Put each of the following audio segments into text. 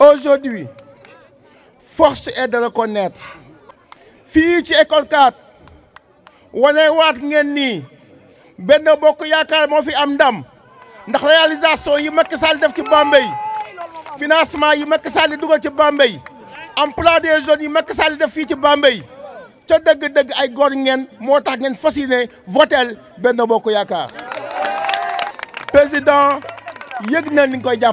Aujourd'hui, force est de reconnaître fii ci école 4 wane waat ngeen nii Bokk Yaakaar moo fi am ndam ndax réalisation yi makassal Sall def ci Bambey financement yi makassal Sall dugal ci Bambey emploi des jeunes yi Macky Sall def fii ci Bambey ca dëgg-dëgg ay góor ngeen moo tax ngeen fas yéene Bokk président yëg na ni nga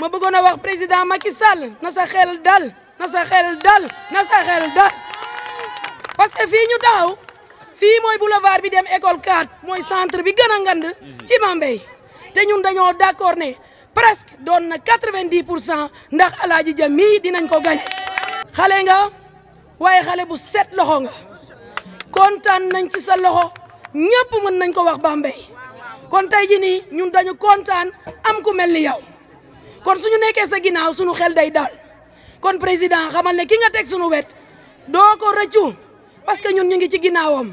ma bëggona wax président Macky Sall na sa xel dal na sa xel dal na sa xel dal parce que fi ñu taxaw fi moy boulevard bi dem école 4 moy centre bi gëna ngand ci Mambey té ñun dañoo d'accord né presque doon na 90 ndax alaaji ja dinañ ko gañ xalé nga waaye xalé bu set loxo nga contane nañ ci sa loxo ñepp mën nañ ko wax Bambey kon tay ji ni ñun dañu contane am ku melni yow kon suñu nekkee sa ginnaaw suñu xel day daal kon président xamal ne ki nga teg suñu wet doo ko rëccu parce que ñun ñu ngi ci ginnaawam